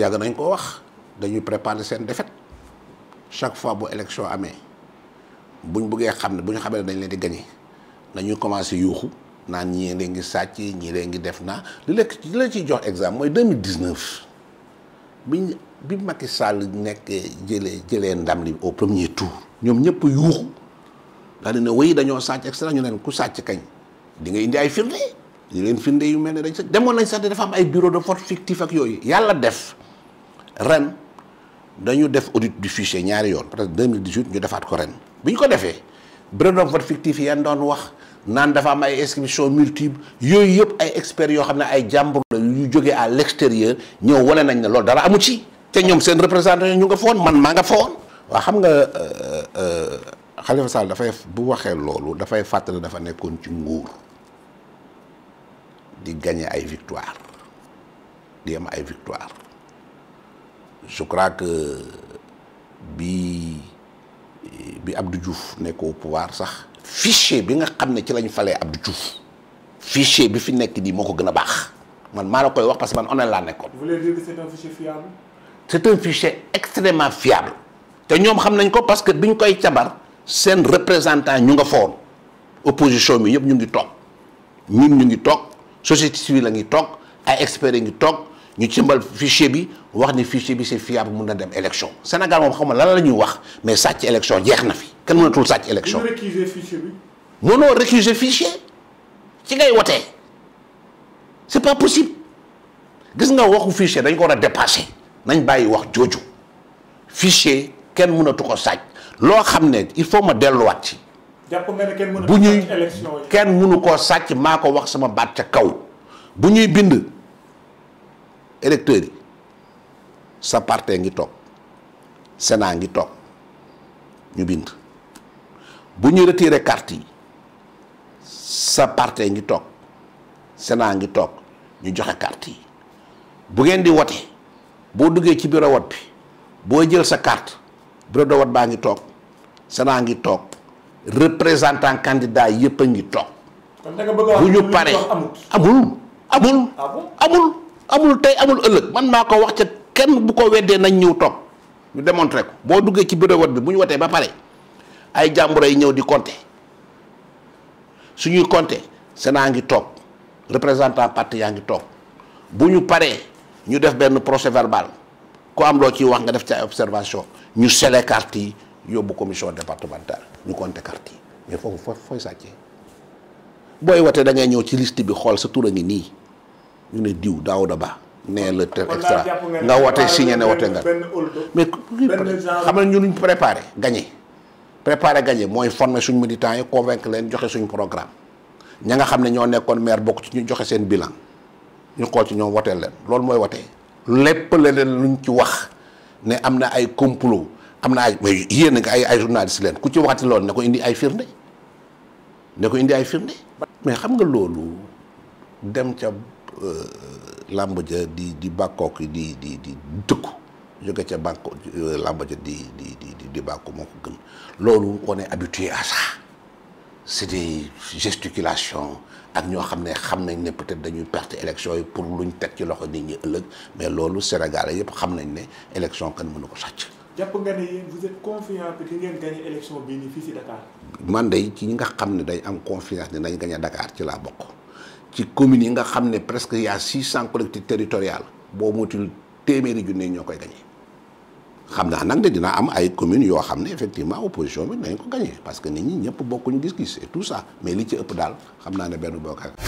yàgg nañ ko wax dañuy préparer seen defet chaque fois bu élection amee buñ bëggee xam ne bu ñu xamee ne dañ leen di gagné dañuy commencé yuuxu naan ñii leen ngi sàcc ñii leen ngi def naa lekk li la ciy jox exemple mooy 2019 biñ bi Macky Sall nekkee jëlee jëlee ndam li au premier tour ñoom ñëpp yuuxu daal di ne wéy dañoo sàcc extra ñu leen ku sàcc kañ di nga indi ay firnde di leen firnde yu mel ne dañ sax demoon nañ sax dafa am ay bureau de vote fictif ak yooyu yàlla def ren dañu def audit du fichier ñaari yoon que peut-être 2018 ñu defaat ko ren bi ñu ko defee bredom vote fictif yi doon wax naan dafa am ay inscription multiple yooyu yëpp ay experts yoo xam ne ay jàmbur la yu jóge à l'extérieur ñëw wane nañ ne loolu dara amu ci te ñoom seen représentant ñu nga foon man maa nga foon waa xam nga euh, euh, Khalifa Sall dafay bu waxee loolu dafay fàttali dafa nekkoon ci nguur di gagner ay victoire di am ay victoire je crois que bi bi Abdou Diouf nek au pouvoir sax fichier bi nga xamné ci lañ falé Abdou Diouf fichier bi fi nek di moko gëna bax man ma la koy wax parce que man on est là nek vous voulez dire que c'est un fichier fiable. c'est un fichier extrêmement fiable té ñom xamnañ ko parce que biñ koy tiabar sen représentant ñu nga foon opposition mi yëpp ñu ngi tok ñun ñu ngi tok société civile la ngi tok ay experts yi ngi tok avons un fichier bi avons un fichier bi c'est fiable dem Le Sénégal moom xam la wax mais sàcc élection jeex fi kenn mënatul Nous élection. un fichier bi. avons un fichier ci ngay fichier c'est pas possible gis nga waxu fichier dañ ko dépassé. a dépasser nañ a wax fichier ko il faut ma delluwaat ci. wax sama kaw peut électeurs yi sa parti ngi toog senaa ngi toog ñu bind bu ñu retiré carte yi sa parti ngi toog senaa ngi toog ñu joxe carte yi bu ngeen di wote boo duggee ci bureau bi boo jël sa carte bureau de baa ngi toog senaa ngi toog représentant candidat yëpp a ngi toog. bu ñu paree amul amul ah amul. amul tey amul ëllëg man maa ko wax ca kenn bu ko weddee nañ ñëw toog ñu démontré ko boo duggee ci bureau vote bi bu ñu wotee ba pare ay jàmbur yi ñëw di compter suñuy compter Sénat ngi toog représentant parti yaa ngi toog bu ñu paree ñu def benn procès verbal ku am loo ciy wax nga def ci ay observation ñu sele carte yi yóbbu commission départementale ñu compter carte yi mais foofu fooy sàccee booy watee da ñëw ci liste bi xool sa tur a ngi nii ñu ne diw Daouda Ba nee la te extra nga wote signé ne wote nga mais xam na ñu luñ préparé gagné préparé gagné mooy formé suñ militants yi convaincre leen joxe suñ programme ña nga xam ne ñoo nekkoon maire bokk ñu joxe seen bilan ñu xool ci ñoom woteel leen loolu mooy wotee lépp la leneen luñ ci wax ne am na ay complot am na ay mais yéen nga ay ay journaliste leen ku ci waxati loolu ne ko indi ay firnde ne ko indi ay firnde mais xam nga loolu dem ca Euh, làmb di di bàkkook di di di dëkku jóge ca bàkko euh, làmb ja di di di di bàkko moo ko gën loolu on est habitué à ça c'est des gesticulations ak ño xamné xamnañ né peut-être dañuy perdre élection yi pour luñ tek ci loxo nit ñi ëllëg mais loolu Sénégalais yépp xamnañ né élection kan mënu ko sacc jàpp nga né vous êtes confiant que di ngeen gagné élection bii nii fii si Dakar. man day ci nga xamné day am confiance ne nañ gagné Dakar ci la bokk. ci yi nga xam ne presque y' a six cent collectivités territoriales boo moytuwul téeméeri junne ñoo koy gagné xam naa nag ne dina am ay commune yoo xam ne effectivement opposition bi nañ ko gagné parce que nit ñi ñëpp bokkuñ gis-gis et tout ça mais li ci ëpp daal xam naa ne benn bokk